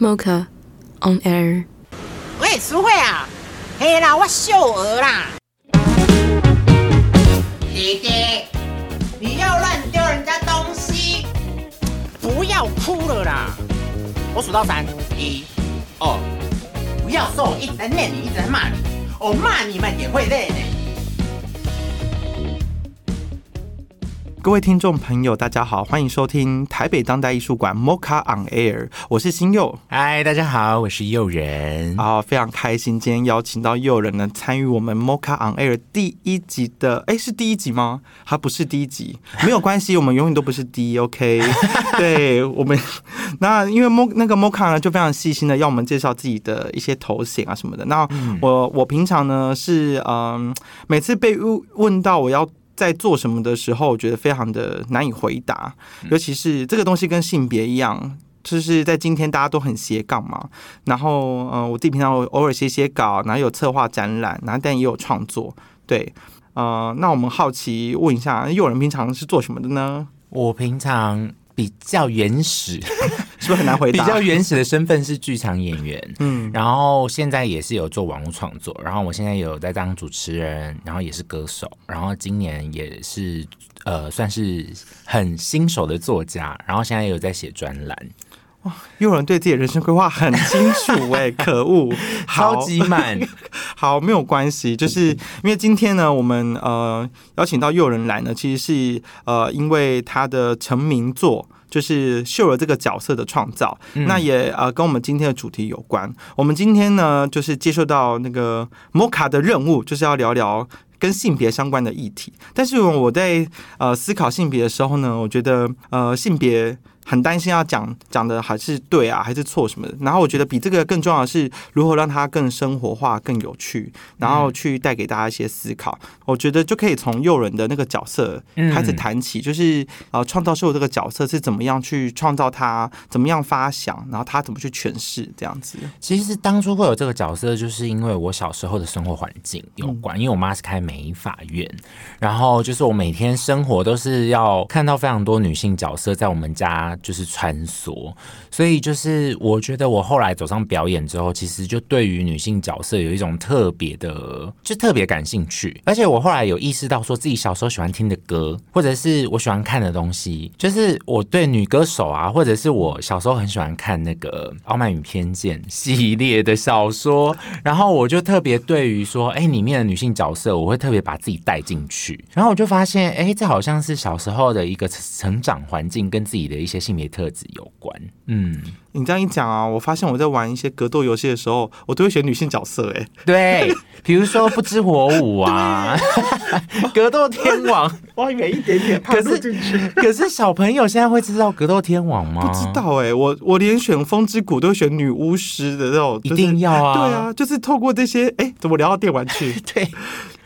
MoCA on air。喂，蘇慧啊，嘿啦，我秀娥啦。弟弟，你要亂丟人家東西？不要哭了啦！我數到三，一、二、哦，不要說我一直在念你，一直在罵你，我罵你們也會累的、欸。各位聽眾朋友，大家好，歡迎收聽台北當代藝術館 MoCA on Air，我是星佑。嗨，大家好，我是又仁。啊、哦，非常開心，今天邀請到又仁呢參與我們 MoCA on Air 第一集的，哎、欸，是第一集嗎？還不是第一集，沒有關係， 我們永遠都不是第一，OK？ 對，我們那因為 Mo 那個 MoCA 呢，就非常細心的要我們介紹自己的一些頭銜啊什麼的。那我我平常呢是嗯，每次被問到我要。在做什麼的時候，我覺得非常的難以回答，尤其是這個東西跟性別一樣，就是在今天大家都很斜槓嘛。然後，呃，我自己平常偶爾寫寫稿，然後有策劃展覽，然後但也有創作。對，呃，那我們好奇問一下，又仁平常是做什麼的呢？我平常比較原始。 都很難回答。比較原始的身份是劇場演員，嗯，然後現在也是有做網絡創作，然後我現在有在當主持人，然後也是歌手，然後今年也是呃算是很新手的作家，然後現在也有在寫專欄。哇、哦，又仁對自己的人生規劃很清楚哎、欸， 可惡，超級滿。 好，沒有關係，就是因為今天呢，我們呃邀請到又仁來呢，其實是呃因為他的成名作。就是秀娥這個角色的創造，嗯，那也呃跟我們今天的主題有關。我們今天呢，就是接受到那個 MOCA 的任務，就是要聊聊跟性別相關的議題。但是我在呃思考性別的時候呢，我覺得呃性別。很擔心要講，講的還是對啊，還是錯什麼的。然後我覺得比這個更重要的是如何讓它更生活化、更有趣，然後去帶給大家一些思考。嗯、我覺得就可以從又仁的那個角色開始談起，就是啊，創造秀娥這個角色是怎麼樣去創造它，怎麼樣發想，然後他怎麼去詮釋這樣子。其實當初會有這個角色，就是因為我小時候的生活環境有關，嗯、因為我媽是開美髮院，然後就是我每天生活都是要看到非常多女性角色在我們家，就是穿梭，所以就是我覺得我後來走上表演之後，其實就對於女性角色有一種特別的，就特別感興趣。而且我後來有意識到，說自己小時候喜歡聽的歌，或者是我喜歡看的東西，就是我對女歌手啊，或者是我小時候很喜歡看那個《傲慢與偏見》系列的小說，然後我就特別對於說，欸，裡面的女性角色，我會特別把自己帶進去。然後我就發現，欸，這好像是小時候的一個成長環境跟自己的一些。性別特質有關，嗯，你這樣一講啊，我發現我在玩一些格鬥遊戲的時候，我都會選女性角色、欸，哎，對，比如說不知火舞啊， 對 格鬥天王，挖 遠一點點，可是，可是小朋友現在會知道格鬥天王嗎？ 不知道哎、欸，我我連選風之谷都選女巫師的那種、就是，一定要啊，對啊，就是透過這些，哎、欸，怎麼聊到電玩去？ 對。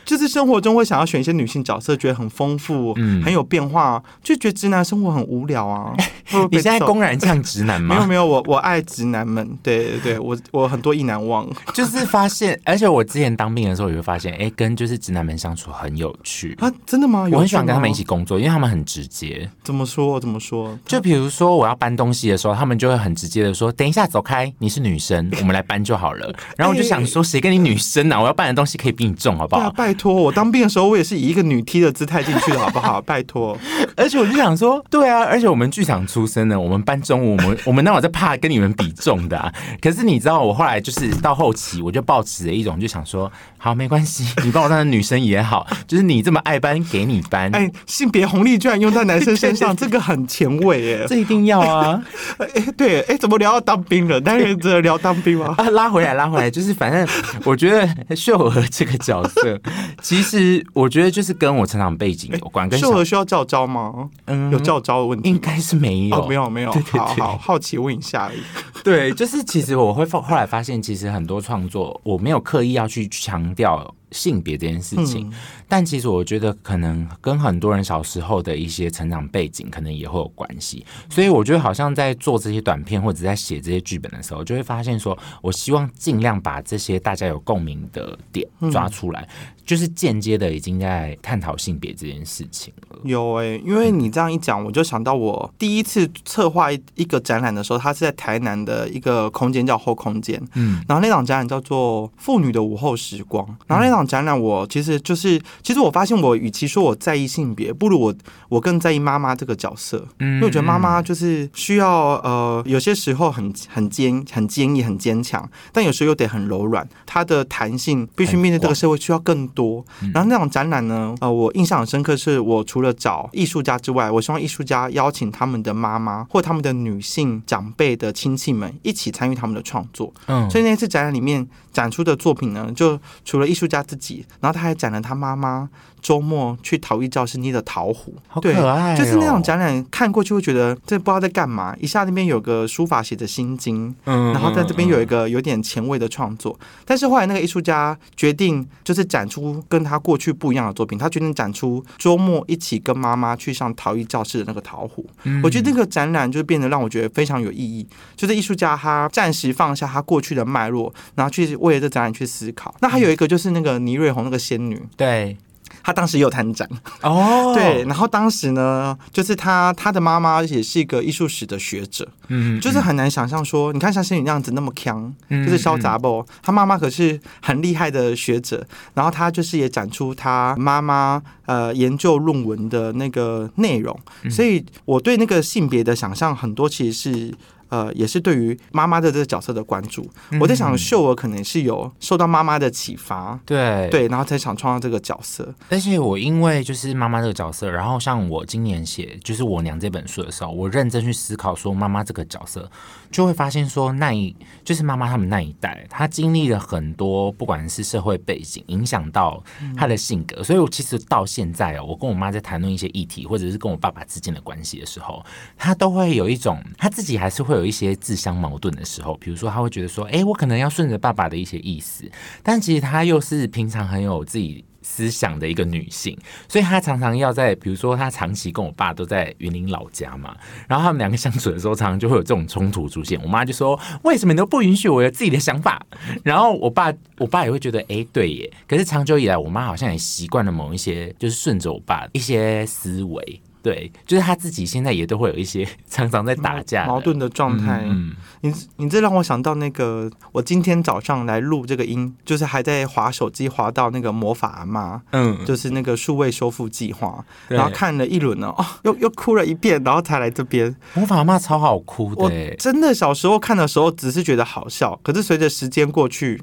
就是生活中會想要選一些女性角色，覺得很豐富，嗯，很有變化，就覺得直男生活很無聊啊！ 你現在公然這樣直男嗎？ 沒有沒有，我我愛直男們，對對對，我我很多意難忘。就是發現，而且我之前當兵的時候也會發現，哎、欸，跟就是直男們相處很有趣啊！真的嗎？我很喜歡跟他們一起工作，因為他們很直接。怎麼說？怎麼說？就比如說我要搬東西的時候，他們就會很直接的說：“等一下，走開，你是女生， 我們來搬就好了。”然後我就想說：“誰跟你女生啊，我要搬的東西可以比你重，好不好？”托我當兵的時候，我也是以一個女 T 的姿態進去的，好不好？拜託， 而且我就想說，對啊，而且我們劇場出身的，我們搬重我們 我們哪會在怕跟你們比重的，啊。可是你知道，我後來就是到後期，我就抱持了一種就想說，好沒關係，你幫我當女生也好， 就是你這麼愛搬，給你搬。哎、欸，性別紅利居然用在男生身上， 對對對這個很前衛，哎、欸，這一定要啊！哎、欸，對，哎、欸，怎麼聊到當兵了？男人只能聊當兵嗎啊，拉回來，拉回來，就是反正我覺得秀娥這個角色。 其實我覺得就是跟我成長背景有關、欸，秀娥需要教招嗎？嗯，有教招的問題，應該是沒有、哦，沒有，沒有。對對對，好好，好，好奇問一下。 對，就是其實我會後來發現，其實很多創作我沒有刻意要去強調。性別這件事情、嗯，但其實我覺得可能跟很多人小時候的一些成長背景可能也會有關係，所以我覺得好像在做這些短片或者在寫這些劇本的時候，就會發現說，我希望盡量把這些大家有共鳴的點抓出來，嗯、就是間接的已經在探討性別這件事情了。有哎、欸，因為你這樣一講，我就想到我第一次策劃一個展覽的時候，它是在台南的一個空間叫齁空間，嗯，然後那檔展覽叫做《婦女的午後時光》，然後那檔。展覽我其實就是，其實我發現我與其說我在意性別，不如我我更在意媽媽這個角色，嗯，因為我覺得媽媽就是需要呃有些時候很很堅很堅毅很堅強，但有時候又得很柔軟，它的彈性必須面對這個社會需要更多。嗯，然後那種展覽呢，呃，我印象很深刻是我除了找藝術家之外，我希望藝術家邀請他們的媽媽或他們的女性長輩的親戚們一起參與他們的創作，嗯，所以那次展覽裡面展出的作品呢，就除了藝術家。自己，然後他還講了他媽媽，周末去陶藝教室捏的陶虎，好可愛哦，對，就是那種展覽看過去會覺得這不知道在幹嘛。一下那邊有個書法寫的心經，嗯，然後在這邊有一個有點前衛的創作，嗯。但是後來那個藝術家決定就是展出跟他過去不一樣的作品，他決定展出周末一起跟媽媽去上陶藝教室的那個陶虎，嗯。我覺得那個展覽就變得讓我覺得非常有意義，就是藝術家他暫時放下他過去的脈絡，然後去為了這展覽去思考，嗯。那還有一個就是那個倪瑞宏那個仙女，對。他當時也有參展哦，oh. 對，然後當時呢，就是他他的媽媽也是一個藝術史的學者，嗯，嗯，就是很難想象，說，你看像仙女那樣子那麼強，嗯嗯，就是燒雜不，他媽媽可是很厲害的學者，然後他就是也展出他媽媽呃研究論文的那個內容，嗯，所以我對那個性別的想象很多其實是。呃，也是對於媽媽的這個角色的關注，我在想、嗯、秀娥可能是有受到媽媽的啟發，對對，然後才想創造這個角色。但是我因為就是媽媽這個角色，然後像我今年寫就是我娘這本書的時候，我認真去思考說媽媽這個角色，就會發現說那一，就是媽媽他們那一代，她經歷了很多，不管是社會背景影響到她的性格、嗯，所以我其實到現在、喔，我跟我媽在談論一些議題，或者是跟我爸爸之間的關係的時候，她都會有一種，她自己還是會有。有一些自相矛盾的時候，比如說他會覺得說：“欸，我可能要順着爸爸的一些意思。”但其實她又是平常很有自己思想的一個女性，所以她常常要在，比如說她長期跟我爸都在雲林老家嘛，然後他們兩個相處的時候，常常就會有這種衝突出現。我媽就說：“為什麼你都不允許我有自己的想法？”然後我爸，我爸也會覺得：“欸，對耶。”可是長久以來，我媽好像也習慣了某一些，就是順着我爸的一些思維。對，就是他自己現在也都會有一些常常在打架的矛盾的狀態。嗯，嗯，你你這讓我想到那個，我今天早上來錄這個音，就是還在滑手機滑到那個《魔法阿嬤》，嗯，就是那個數位修復計劃，然後看了一輪呢，哦，又又哭了一遍，然後才來這邊。魔法阿嬤超好哭的、欸，我真的小時候看的時候只是覺得好笑，可是隨着時間過去。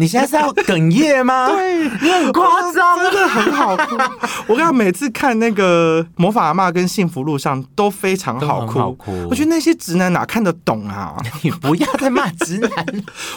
你現在是要哽咽嗎？ 對，你很誇張，真的很好哭。我跟你每次看那個《魔法阿嬤》跟《幸福路上》都非常好哭，都好哭。我覺得那些直男哪看得懂啊？ 你不要再罵直男。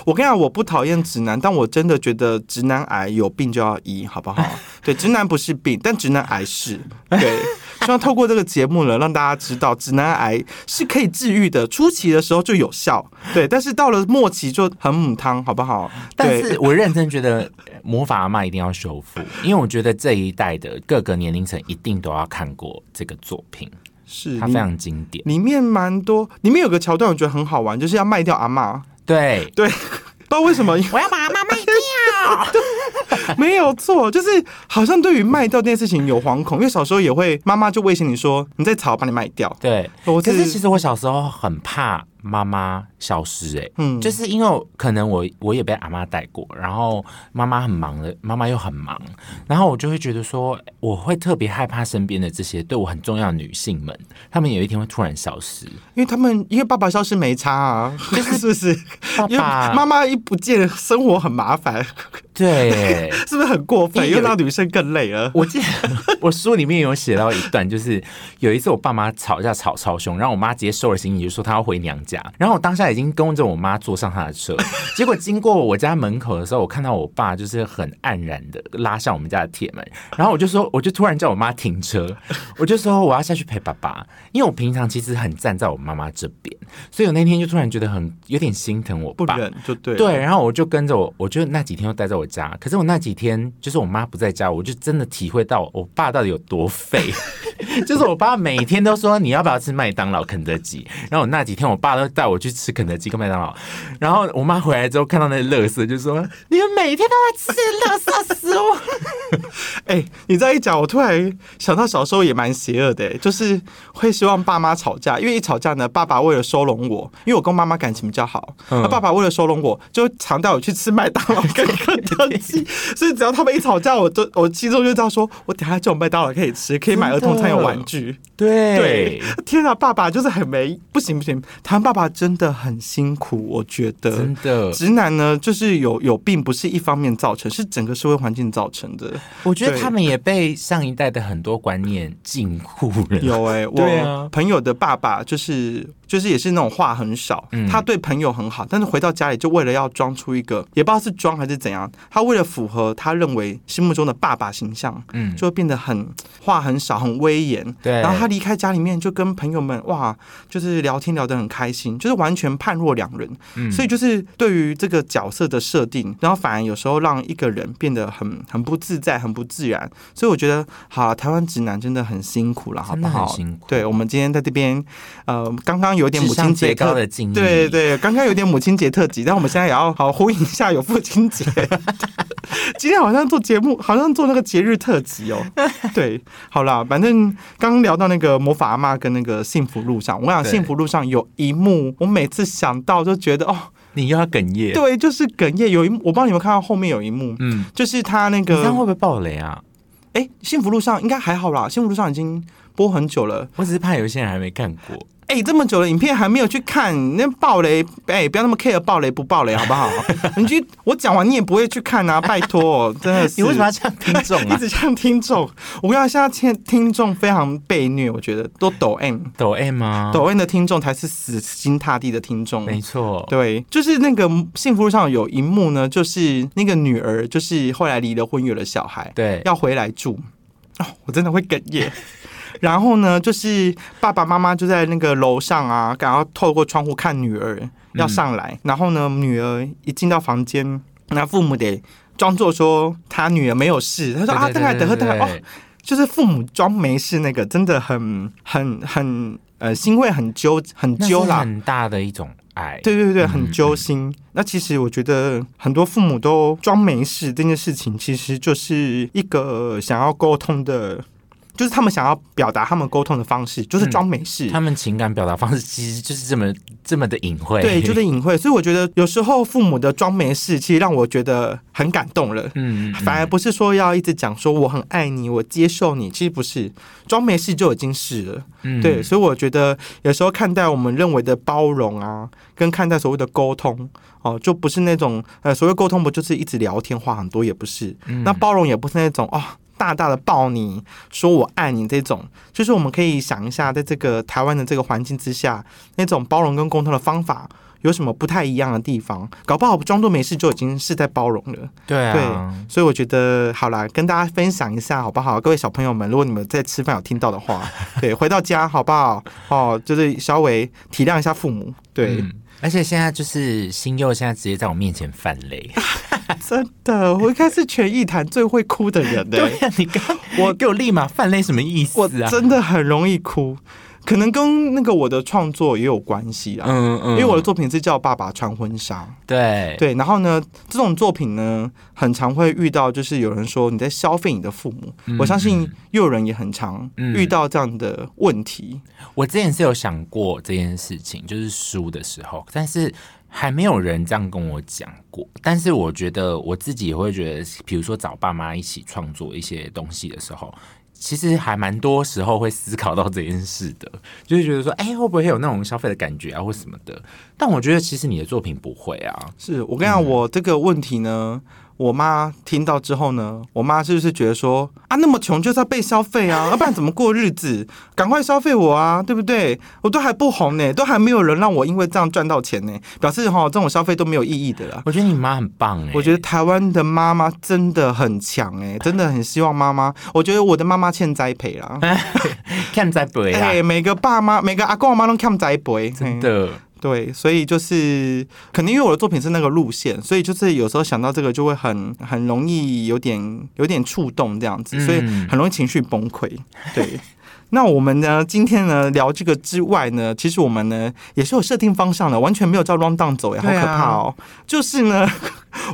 我跟你講，我不討厭直男，但我真的覺得直男癌有病就要醫，好不好？ 對，直男不是病，但直男癌是對。 希望透過這個節目呢，讓大家知道，直男癌是可以治癒的，初期的時候就有效，對。但是到了末期就很母湯，好不好？對，但是，我認真覺得魔法阿嬤一定要修復， 因為我覺得這一代的各個年齡層一定都要看過這個作品，是它非常經典，裡面蠻多，裡面有個橋段我覺得很好玩，就是要賣掉阿嬤，對對，不知道為什麼我要把阿嬤賣掉。 對 沒有錯，就是好像對於賣掉這件事情有惶恐，因為小時候也會媽媽就威脅你說：“你再吵，把你賣掉。”對，我是可是其實我小時候很怕。媽媽消失，欸，哎，嗯，就是因為可能我我也被阿媽帶過，然後媽媽很忙的，媽媽又很忙，然後我就會覺得說，我會特別害怕身邊的這些對我很重要的女性們，她們有一天會突然消失，因為他們因為爸爸消失沒差啊，就 是是不是？爸爸因為媽媽一不見，生活很麻煩，對， 是不是很過分？又讓女生更累了。我記我書裡面有寫到一段，就是 有一次我爸媽吵架吵超兇，然後我媽直接收了行李就是，說她要回娘家。然後我當下已經跟着我媽坐上他的車，結果經過我家門口的時候，我看到我爸就是很黯然的拉上我們家的鐵門，然後我就說，我就突然叫我媽停車，我就說我要下去陪爸爸，因為我平常其實很站在我媽媽這邊，所以我那天就突然覺得很有點心疼我爸，就對對，然後我就跟着我，我就那幾天又待在我家，可是我那幾天就是我媽不在家，我就真的體會到我爸到底有多廢， 就是我爸每天都說你要不要吃麥當勞、肯德基，然後我那幾天我爸都。帶我去吃肯德基跟麥當勞，然後我媽回來之後看到那垃圾，就說：“你們每天都在吃垃圾食物。哎，你這樣一講，我突然想到小時候也蠻邪惡的，就是會希望爸媽吵架，因為一吵架呢，爸爸為了收攏我，因為我跟媽媽感情比較好，他、嗯、爸爸為了收攏我，就常帶我去吃麥當勞跟肯德基， 所以只要他們一吵架，我都我心中就知道說，說我等下這種麥當勞可以吃，可以買兒童餐有玩具。對，對。天吶、啊，爸爸就是很沒，不行不行，他爸，爸。爸爸真的很辛苦，我覺得真的。直男呢，就是有有病，不是一方面造成，是整個社會環境造成的。我覺得他們也被上一代的很多觀念禁錮了。對有哎、欸，我朋友的爸爸就是就是也是那種話很少、啊，他對朋友很好，但是回到家裡就為了要裝出一個也不知道是裝還是怎樣，他為了符合他認為心目中的爸爸形象，嗯，就會變得很話很少，很威嚴。對，然後他離開家裡面就跟朋友們哇，就是聊天聊得很開心。就是完全判若兩人、嗯，所以就是對於這個角色的設定，然後反而有時候讓一個人變得很很不自在、很不自然。所以我覺得，好，台灣直男真的很辛苦了，好不好辛苦？對，我們今天在這邊，呃，剛剛有點母親節高的經歷，對對，對，剛剛有點母親節特輯， 但我們現在也要好呼應一下有父親節。 今天好像做節目，好像做那個節日特輯哦、喔。對，好了，反正剛剛聊到那個魔法阿嬤跟那個幸福路上，我想幸福路上有一幕。我每次想到就覺得哦，你又要哽咽。對，就是哽咽。有一幕，我不知道你們有沒有看到後面有一幕，嗯，就是他那個，你會不會爆雷啊？哎、欸，幸福路上應該還好啦，幸福路上已經播很久了，我只是怕有些人還沒看過。哎、欸，這麼久了，影片還沒有去看，那爆雷哎、欸，不要那麼 care，爆雷不爆雷好不好？ 你去我講完，你也不會去看啊，拜託、喔，真的是。 你為什麼要唱聽眾、啊、 一直唱聽眾，我跟你講，現在聽聽眾非常被虐，我覺得都抖 M，抖 M 啊，抖 M 的聽眾才是死心塌地的聽眾，沒錯，對，就是那個幸福路上有一幕呢，就是那個女兒，就是後來離了婚有了小孩，對，要回來住，哦，我真的會哽咽。 然後呢，就是爸爸媽媽就在那個樓上啊，然後透過窗戶看女兒要上來、嗯。然後呢，女兒一進到房間，那父母得裝作說他女兒沒有事。他說對對對對對對對啊，等下等下等下，哦，就是父母裝沒事，那個真的很、很、很呃欣慰，很揪、很揪、啊、很大的一種愛，對對對對，很揪心、嗯嗯。那其實我覺得很多父母都裝沒事這件事情，其實就是一個想要溝通的。就是他們想要表達他們溝通的方式，就是裝沒事。他們情感表達方式其實就是這麼這麼的隱晦，對，就是隱晦。所以我覺得有時候父母的裝沒事，其實讓我覺得很感動了。嗯，嗯，反而不是說要一直講說我很愛你，我接受你，其實不是，裝沒事就已經是了。嗯，對。所以我覺得有時候看待我們認為的包容啊，跟看待所謂的溝通哦、呃，就不是那種呃所謂溝通不就是一直聊天話很多也不是、嗯，那包容也不是那種哦。大大的抱你，說我愛你，這種就是我們可以想一下，在這個台灣的這個環境之下，那種包容跟溝通的方法有什麼不太一樣的地方？搞不好裝作沒事就已經是在包容了。對啊，對，所以我覺得好啦，跟大家分享一下好不好？各位小朋友們，如果你們在吃飯有聽到的話，對，回到家好不好？哦，就是稍微體諒一下父母。對、嗯，而且現在就是星佑，現在直接在我面前犯淚。 真的，我應該是全藝壇最會哭的人的。 對啊，你剛我給我立馬泛淚，什麼意思啊？真的很容易哭，可能跟那個我的創作也有關係啊。嗯嗯，因為我的作品是叫《爸爸穿婚紗》。對對，然後呢，這種作品呢，很常會遇到，就是有人說你在消費你的父母。嗯嗯，我相信，又仁也很常遇到這樣的問題。我之前是有想過這件事情，就是書的時候，但是。還沒有人這樣跟我講過，但是我覺得我自己也會覺得，比如說找爸媽一起創作一些東西的時候，其實還蠻多時候會思考到這件事的，就是覺得說，欸，會不會有那種消費的感覺啊，或什麼的？但我覺得其實你的作品不會啊，是我跟你講，嗯，我這個問題呢。我媽聽到之後呢，我媽是不是覺得說啊，那麼窮就是要被消費啊，要不然怎麼過日子？趕快消費我啊，對不對？我都還不紅呢、欸，都還沒有人讓我因為這樣賺到錢呢、欸，表示齁，這種消費都沒有意義的啦。我覺得你媽很棒哎、欸，我覺得台灣的媽媽真的很強哎、欸，真的很希望媽媽，我覺得我的媽媽欠栽培啦， 欠栽培啊、欸！每個爸媽，每個阿公阿媽都欠栽培，真的。欸對，所以就是肯定，可能因為我的作品是那個路線，所以就是有時候想到這個就會很很容易有點有點觸動這樣子，所以很容易情緒崩潰。對，嗯、 那我們呢，今天呢聊這個之外呢，其實我們呢也是有設定方向的，完全沒有照浪蕩走也、欸、好可怕哦、喔啊！就是呢。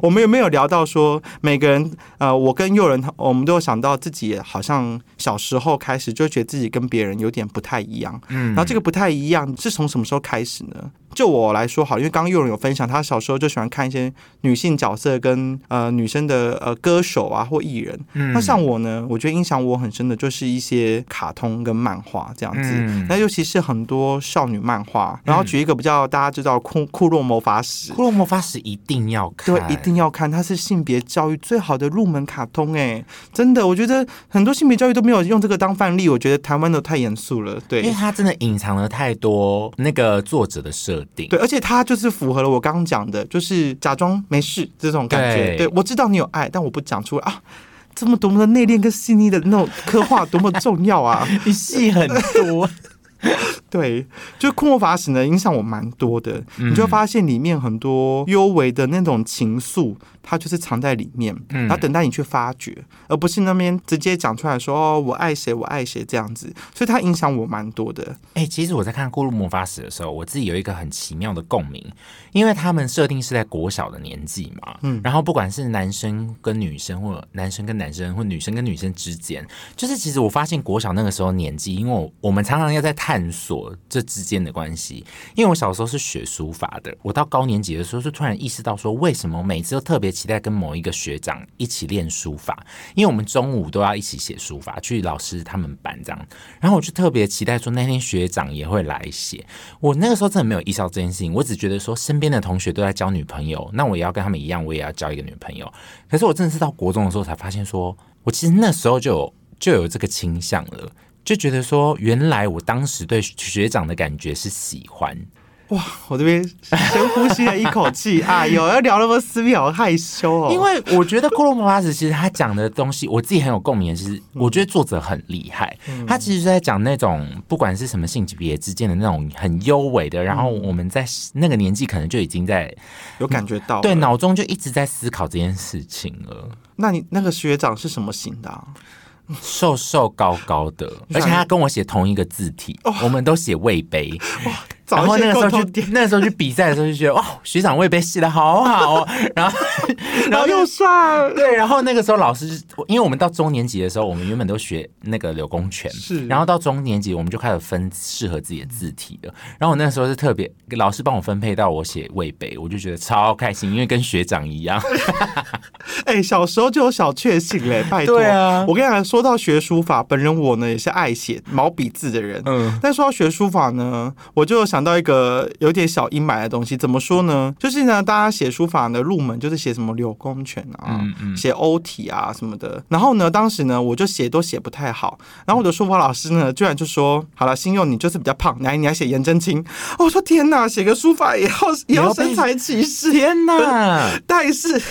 我們有沒有聊到說每個人呃，我跟又仁，我們都想到自己好像小時候開始就覺得自己跟別人有點不太一樣，嗯，然後這個不太一樣是從什麼時候開始呢？就我來說，好，因為剛剛又仁有分享，他小時候就喜歡看一些女性角色跟呃女生的呃歌手啊或藝人、嗯，那像我呢，我覺得印象我很深的就是一些卡通跟漫畫這樣子，那、嗯、尤其是很多少女漫畫，然後舉一個比較大家知道庫、庫洛魔法使，庫洛魔法使一定要看。對一定要看，它是性別教育最好的入門卡通，欸，哎，真的，我覺得很多性別教育都沒有用這個當範例。我覺得台灣的太嚴肅了，對，因為它真的隱藏了太多那個作者的設定。對，而且它就是符合了我剛剛講的，就是假裝沒事這種感覺對。對，我知道你有愛，但我不講出來啊，這麼多麼的內斂跟細膩的那種刻畫，多麼重要啊，細 很多。 對，就庫洛魔法使呢，影響我蠻多的。 你就發現裡面很多幽微的那種情愫。他就是藏在裡面，嗯，他等待你去發掘，嗯、而不是那邊直接講出來說“我愛誰，我愛誰”這樣子。所以他影響我蠻多的。哎、欸，其實我在看《庫洛魔法使》的時候，我自己有一個很奇妙的共鳴，因為他們設定是在國小的年紀嘛。嗯，然後不管是男生跟女生，或者男生跟男生，或者女生跟女生之間，就是其實我發現國小那個時候年紀，因為我我們常常要在探索這之間的關係。因為我小時候是學書法的，我到高年級的時候，就突然意識到說，為什麼每次都特別。期待跟某一個學長一起練書法，因為我們中午都要一起寫書法，去老師他們班這樣。然後我就特別期待說，那天學長也會來寫。我那個時候真的沒有意識到這件事情，我只覺得說身邊的同學都在交女朋友，那我也要跟他們一樣，我也要交一個女朋友。可是我真的是到國中的時候才發現說，說我其實那時候就有就有這個傾向了，就覺得說，原來我當時對學長的感覺是喜歡。哇！我這邊深呼吸了一口氣啊，有、 哎、要聊那麼私密，好 害羞哦。因為我覺得《庫洛魔法使》其實他講的東西，我自己很有共鳴。 其實我覺得作者很厲害，嗯，他其實是在講那種不管是什麼性級別之間的那種很幽微的、嗯、然後我們在那個年紀，可能就已經在有感覺到，對腦中就一直在思考這件事情了。那你那個學長是什麼型的啊？ 瘦瘦高高的，而且他跟我寫同一個字體，你你我們都寫魏碑。哇然後那個時候去，那個時候去比賽的時候就覺得哇、 哦，學長魏碑寫的好好、哦 然，然後 然後又上對，然後那個時候老師就，因為我們到中年級的時候，我們原本都學那個柳公權，是，然後到中年級我們就開始分適合自己的字體了。然後我那個時候是特別老師幫我分配到我寫魏碑，我就覺得超開心，因為跟學長一樣。哎 欸，小時候就有小確幸嘞，拜託，對啊！我跟你講，說到學書法，本人我呢也是愛寫毛筆字的人，嗯，但說到學書法呢，我就想。想到一個有點小陰霾的東西，怎麼說呢？就是呢，大家寫書法呢，入門就是寫什麼柳公權啊，寫歐體啊什麼的。然後呢，當時呢，我就寫都寫不太好。然後我的書法老師呢，居然就說：“好了，星佑你就是比較胖，來，你來寫顏真卿。哦”我說：“天哪，寫個書法也要也要身材歧視啊？天哪！”但是。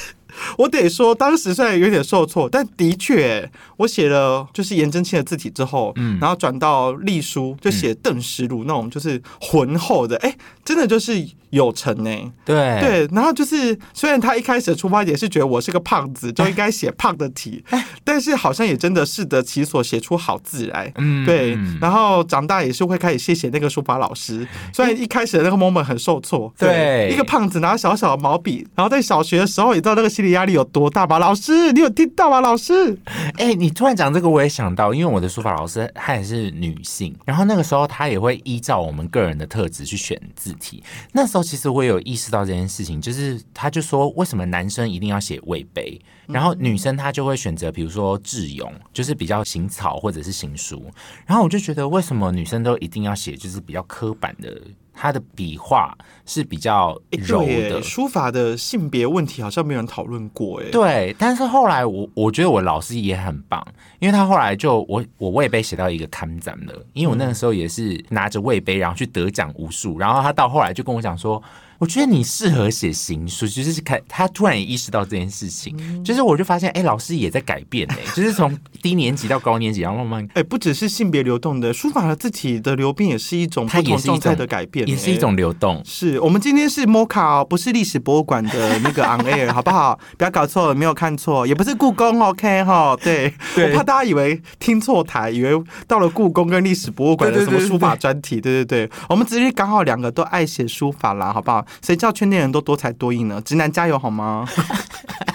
我得說，當時雖然有點受挫，但的確，我寫了就是顏真卿的字體之後，嗯，然後轉到隸書，就寫鄧石如那種就是渾厚的，哎，嗯，真的就是。有成呢，欸，對對，然後就是雖然他一開始的出發點是覺得我是個胖子，就應該寫胖的體，但是好像也真的適得其所，寫出好字來。嗯，對，然後長大也是會開始謝謝那個書法老師，雖然一開始的那個 moment 很受挫，對，一個胖子拿小小的毛筆，然後在小學的時候你知道那個心理壓力有多大嗎？老師，你有聽到嗎？老師，嗯，哎，欸，你突然講這個我也想到，因為我的書法老師她也是女性，然後那個時候她也會依照我們個人的特質去選字體，那時候。其實我也有意識到這件事情，就是他就說，為什麼男生一定要寫魏碑，然後女生她就會選擇，比如說智永，就是比較行草或者是行書，然後我就覺得，為什麼女生都一定要寫，就是比較刻板的？他的筆畫是比較柔的。欸，書法的性別問題好像沒有人討論過誒。對，但是後來我我覺得我老師也很棒，因為他後來就我我也被寫到一個刊展了，因為我那個時候也是拿着魏碑然後去得獎無數，然後他到後來就跟我講說。我覺得你適合寫行書，就是看他突然意識到這件事情，就是我就發現，哎、欸，老師也在改變嘞、欸，就是從低年級到高年級，然後慢慢，哎、欸，不只是性別流動的書法的字體的流變，也是一種不同狀態的改變、欸，也，也是一種流動。是我們今天是摩卡、哦，不是歷史博物館的那個昂 air， 好不好？不要搞錯，沒有看錯，也不是故宮，OK 哈？對， 對，我怕大家以為聽錯台，以為到了故宮跟歷史博物館的什麼書法專題，對對對對對對對對，對對對，我們只是剛好兩個都愛寫書法啦，好不好？誰叫圈內人都多才多藝呢？直男加油好嗎？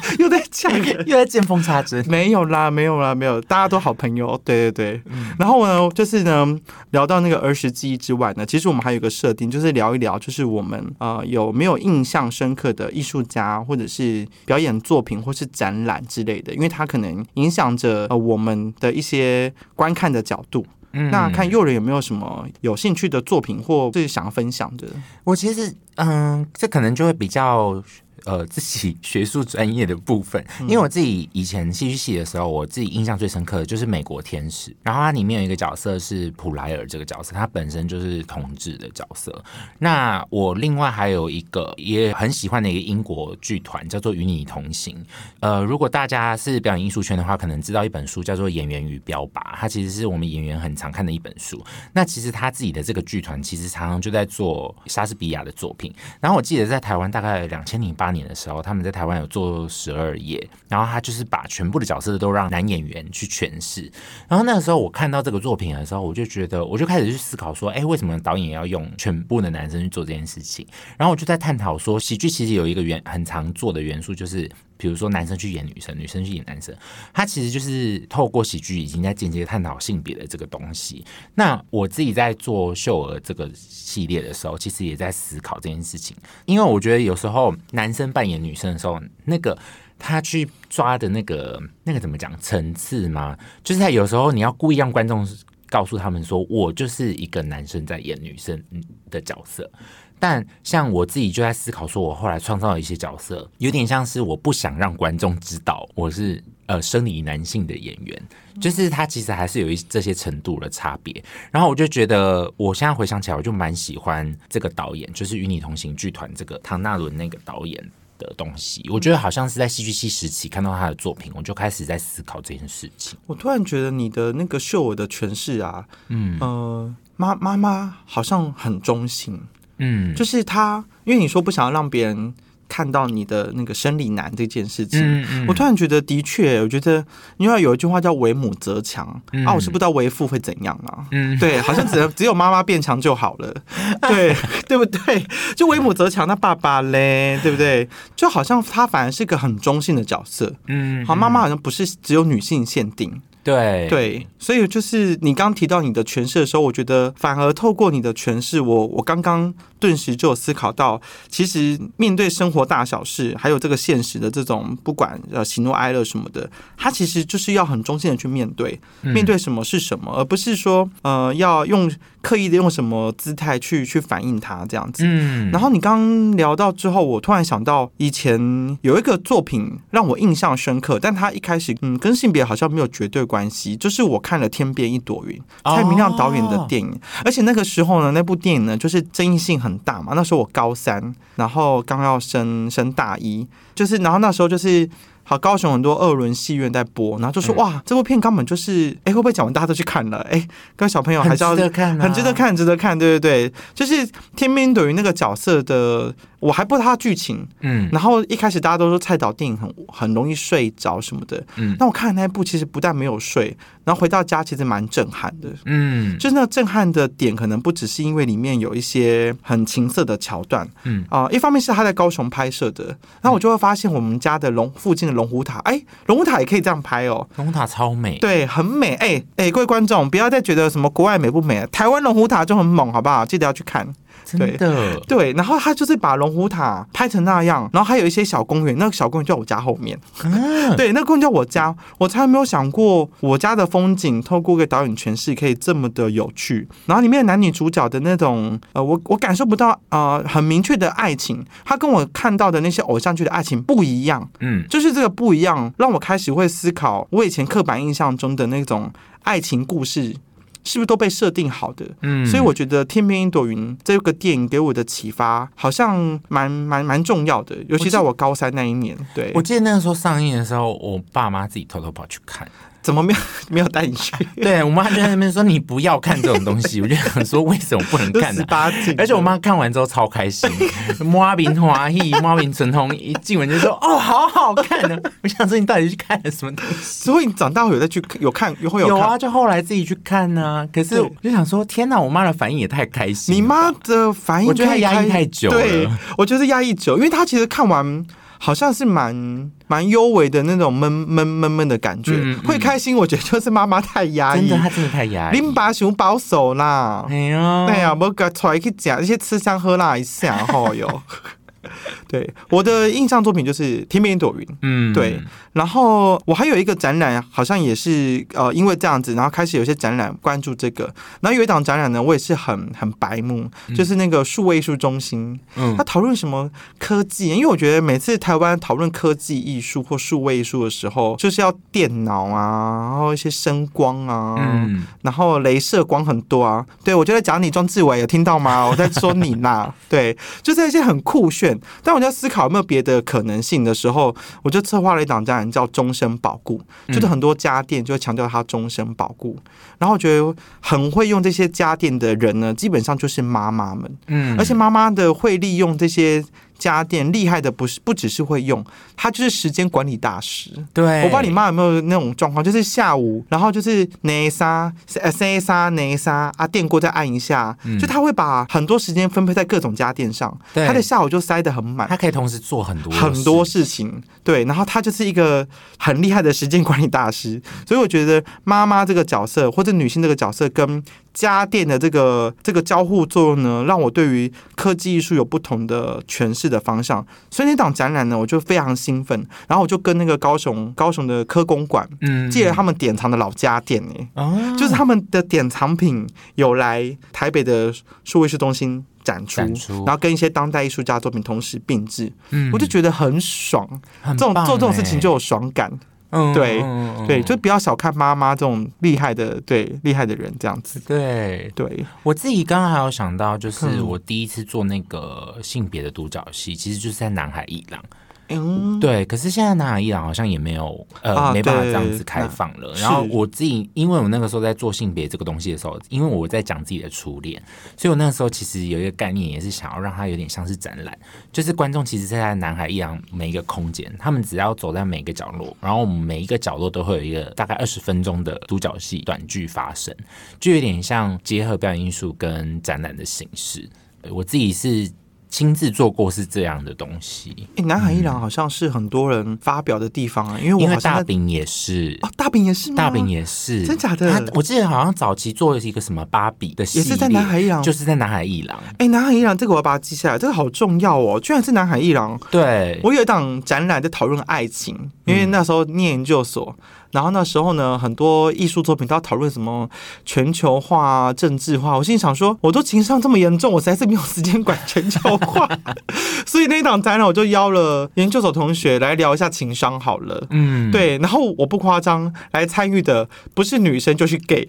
又在搶叫， 又在見縫插針，沒有啦，沒有啦，沒有，大家都好朋友。對對對、嗯。然後呢，就是呢，聊到那個兒時記憶之外呢，其實我們還有一個設定，就是聊一聊，就是我們啊、呃、有沒有印象深刻的藝術家，或者是表演作品，或是展覽之類的，因為它可能影響着、呃、我們的一些觀看的角度。那看又仁有沒有什麼有興趣的作品或自己想要分享的，嗯？我其實，嗯、呃，這可能就會比較。呃，自己學術專業的部分。嗯，因為我自己以前戲劇系的時候，我自己印象最深刻的就是《美國天使》，然後它裡面有一個角色是普萊爾這個角色，他本身就是同志的角色。那我另外還有一個也很喜歡的一個英國劇團叫做《與你同行》。呃，如果大家是表演藝術圈的話，可能知道一本書叫做《演員與標靶》，它其實是我們演員很常看的一本書。那其實他自己的這個劇團其實常常就在做莎士比亞的作品。然後我記得在台灣大概兩千零八。年的時候，他們在台灣有做十二夜，然後他就是把全部的角色都讓男演員去詮釋。然後那個時候，我看到這個作品的時候，我就覺得，我就開始去思考說，誒、欸，為什麼導演要用全部的男生去做這件事情？然後我就在探討說，喜劇其實有一個原很常做的元素就是。比如說男生去演女生，女生去演男生，他其實就是透過喜劇已經在間接探討性別的這個東西。那我自己在做秀娥這個系列的時候，其實也在思考這件事情，因為我覺得有時候男生扮演女生的時候，那個他去抓的那個那個怎麼講，層次嘛，就是在有時候你要故意讓觀眾告訴他們說，我就是一個男生在演女生的角色。但像我自己就在思考，說我後來創造了一些角色，有點像是我不想讓觀眾知道我是呃生理男性的演員，就是他其實還是有一這些程度的差別。然後我就覺得，我現在回想起來，我就蠻喜歡這個導演，就是與你同行劇團這個唐納倫那個導演的東西。我覺得好像是在戲劇系時期看到他的作品，我就開始在思考這件事情。我突然覺得你的那個秀娥的詮釋啊，嗯呃，媽媽媽好像很中性。嗯，就是他，因為你說不想要讓別人看到你的那個生理男這件事情、嗯嗯，我突然覺得，的確，我覺得，因為有一句話叫“為母則強、嗯”，啊，我是不知道為父會怎樣啊，嗯，對，好像只能 只有媽媽變強就好了，對，對不對？就“為母則強”那爸爸嘞，對不對？就好像他反而是個很中性的角色，嗯，好，媽媽好像不是只有女性限定。對對，所以就是你剛提到你的詮釋的時候，我覺得反而透過你的詮釋，我我剛剛頓時就有思考到，其實面對生活大小事，還有這個現實的這種不管呃喜怒哀樂什麼的，它其實就是要很中性的去面對，面對什麼是什麼，嗯，而不是說呃要用刻意的用什麼姿態去去反映它這樣子。嗯，然後你剛剛聊到之後，我突然想到以前有一個作品讓我印象深刻，但他一開始嗯跟性別好像沒有絕對。關係，就是我看了《天邊一朵雲》蔡明亮導演的電影，oh. 而且那個時候呢，那部電影呢就是爭議性很大嘛。那時候我高三，然後剛要升升大一，就是然後那時候就是，好，高雄很多二輪戲院在播，然後就說、嗯、哇，這部片根本就是，哎、欸，會不會講完大家都去看了？哎、欸，各位小朋友還是要很值得看、啊、很值得看，很值得看，值得看，對對對，就是《天邊一朵雲》那個角色的。我還不知道他劇情，嗯，然後一開始大家都說蔡導電影很很容易睡着什麼的，嗯，那我看了那一部其實不但沒有睡，然後回到家其實蠻震撼的，嗯，就是那個震撼的點可能不只是因為裡面有一些很情色的橋段，嗯啊、呃，一方面是他在高雄拍攝的，然後我就會發現我們家的龍附近的龍虎塔，哎、欸，龍虎塔也可以這樣拍哦、喔，龍虎塔超美，對，很美，哎、欸、哎、欸，各位觀眾不要再覺得什麼國外美不美，台灣龍虎塔就很猛，好不好？記得要去看，對，真的，對，然後他就是把龍塔拍成那樣，然後還有一些小公園，那個小公園就在我家後面。嗯、對，那個、公園叫我家，我從來沒有想過我家的風景，透過一個導演詮釋，可以這麼的有趣。然後裡面男女主角的那種，呃，我我感受不到啊、呃，很明確的愛情，他跟我看到的那些偶像劇的愛情不一樣。嗯，就是這個不一樣，讓我開始會思考我以前刻板印象中的那種愛情故事。是不是都被設定好的？嗯，所以我覺得《天邊一朵雲》這個電影給我的啟發好像蠻蠻蠻重要的，尤其在我高三那一年。對，我記得那個時候上映的時候，我爸媽自己偷偷跑去看。怎麼沒有沒有帶你去？ 對？對，我媽就在那邊說：“你不要看這種東西。”我就想說：“為什麼不能看呢、啊？”而且我媽看完之後超開心，媽阿敏、華誼、毛阿敏、紅一進門就說：“哦，好好看呢、啊！”我想說你到底去看了什麼東西？所以你長大後有再去有看，有會有看？有啊，就後來自己去看呢、啊。可是我就想說：“天哪、啊！”我媽的反應也太開心。你媽的反應，我覺得她壓抑太久了。對，我覺得壓抑久，因為她其實看完。好像是蠻蠻幽微的那種悶悶悶悶的感覺、嗯嗯，會開心。我覺得就是媽媽太壓抑，真的，她真的太壓抑。拎把熊保守啦，哎呀，哎呀、啊，無個出來去講，一些吃香喝辣一下，齁喲。 對我的印象作品就是天邊一朵雲，嗯，對。然後我還有一個展覽，好像也是呃，因為這樣子，然後開始有些展覽關注這個。然後有一檔展覽呢，我也是很很白目，就是那個數位藝術中心，嗯，他討論什麼科技，因為我覺得每次台灣討論科技藝術或數位藝術的時候，就是要電腦啊，然後一些聲光啊，嗯、然後雷射光很多啊。對，我覺得講你莊志維有聽到嗎？我在說你吶， 對，就是一些很酷炫。但我在思考有沒有別的可能性的時候，我就策劃了一檔家人叫“終身保固”，嗯，就是很多家電就會強調它終身保固。然後我覺得很會用這些家電的人呢，基本上就是媽媽們，嗯，而且媽媽的會利用這些。家電厲害的不是不只是會用，他就是時間管理大師。對，我不知道你媽有沒有那種狀況，就是下午，然後就是那一下，s a 一下，那一撒啊，電鍋再按一下，嗯、就他會把很多時間分配在各種家電上，他的下午就塞得很滿，他可以同時做很多事很多事情。對，然後他就是一個很厲害的時間管理大師，所以我覺得媽媽這個角色或者女性這個角色跟家電的這個這個交互作用呢，讓我對於科技藝術有不同的詮釋的方向。所以那檔展覽呢，我就非常興奮。然後我就跟那個高雄高雄的科工館，嗯，借了他們典藏的老家電耶、欸嗯，就是他們的典藏品有來台北的數位藝術中心展出，展出，然後跟一些當代藝術家作品同時並置，嗯，我就覺得很爽，這種很、欸、做這種事情就有爽感。嗯， 對對，就不要小看媽媽這種厲害的，對厲害的人這樣子。對對，我自己剛剛還有想到，就是我第一次做那個性別的獨角戲，嗯、其實就是在南海藝廊。嗯、對，可是現在南海藝廊好像也沒有呃、啊、沒辦法這樣子開放了，啊。然後我自己，因為我那個時候在做性別這個東西的時候，因為我在講自己的初戀，所以我那個時候其實有一個概念，也是想要讓它有點像是展覽，就是觀眾其實站在南海藝廊每一個空間，他們只要走在每一個角落，然後我們每一個角落都會有一個大概二十分鐘的獨角戲短劇發生，就有點像結合表演藝術跟展覽的形式。我自己是。親自做過是這樣的東西。哎、欸，南海藝廊好像是很多人發表的地方啊，嗯、因，為因為我好像大餅也是，大餅也是，哦、大餅也，也是，真假的他。我記得好像早期做的是一個什麼芭比的，也是在南海藝廊。就是在南海藝廊。哎、欸，南海藝廊，這個我要把它記下來，這個好重要哦，居然是南海藝廊。對，我有一檔展覽在討論愛情、嗯，因為那時候念研究所。然後那時候呢，很多藝術作品都要討論什麼全球化、政治化。我心裡想說，我都情商這麼嚴重，我實在是沒有時間管全球化。 所以那一檔展覽我就邀了研究所同學來聊一下情商好了。嗯，對。然後我不誇張，來參與的不是女生就是 gay，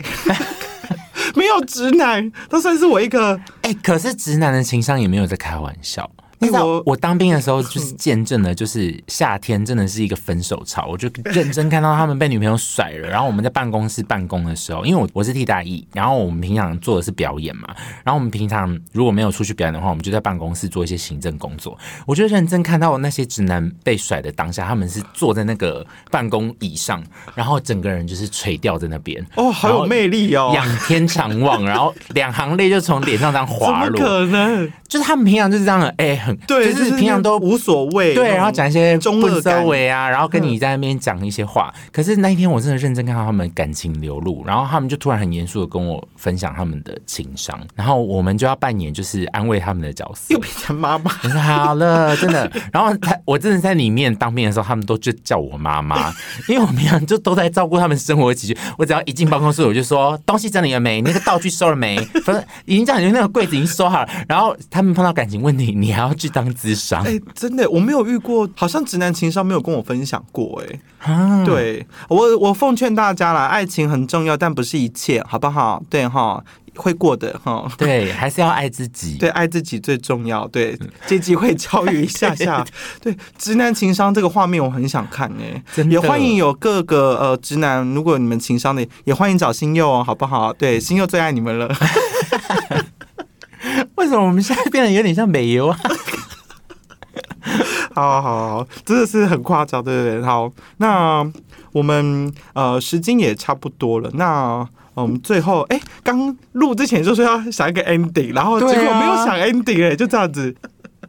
沒有直男，都算是我一個。哎、欸，可是直男的情商也沒有在開玩笑。我我當兵的時候就是見證了，就是夏天真的是一個分手潮。我就認真看到他們被女朋友甩了。然後我們在辦公室辦公的時候，因為我我是替代役，然後我們平常做的是表演嘛。然後我們平常如果沒有出去表演的話，我們就在辦公室做一些行政工作。我就認真看到那些直男被甩的當下，他們是坐在那個辦公椅上，然後整個人就是垂吊在那邊。哦，好有魅力哦，仰天長望，然後兩行淚就從臉上這樣滑落。可能就是他們平常就是這樣的，哎、欸，很。對，就是平常都無所謂，對，然後講一些中二思維啊，然後跟你在那邊講一些話、嗯。可是那一天我真的認真看到他們感情流露，然後他們就突然很嚴肅的跟我分享他們的情商，然後我們就要扮演就是安慰他們的角色，又變成媽媽。我、就、說、是、好了，真的。 然後他我真的在裡面當面的時候，他們都就叫我媽媽，因為我們倆就都在照顧他們生活起居。我只要一進辦公室，我就說 東西整理了沒？那個道具收了沒？反正已經這樣，就那個櫃子已經收好了。然後他們碰到感情問題，你還要，去當諮商，哎、欸，真的，我沒有遇過，好像直男情商沒有跟我分享過，哎、啊，對，我我奉勸大家啦，愛情很重要，但不是一切，好不好？對哈，會過的哈，對，還是要愛自己，對，愛自己最重要，對，借、嗯、機會教育一下下對對對，對，直男情商這個畫面我很想看，哎，也歡迎有各個呃直男，如果你們情商的也，也歡迎找星佑哦、喔。好不好？對，星佑最愛你們了。 為什麼我們現在變得有點像美游啊？好好好，真的是很誇張，對不對？好，那我們呃時間也差不多了，那我們、嗯、最後哎，剛、欸、錄之前就說要想一個 ending，然後結果沒有想 ending 哎、啊，就這樣子。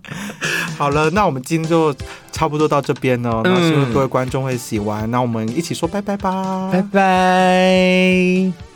好了，那我們今天就差不多到這邊了，那希望各位觀眾會喜歡、嗯。那我們一起說拜拜吧，拜拜。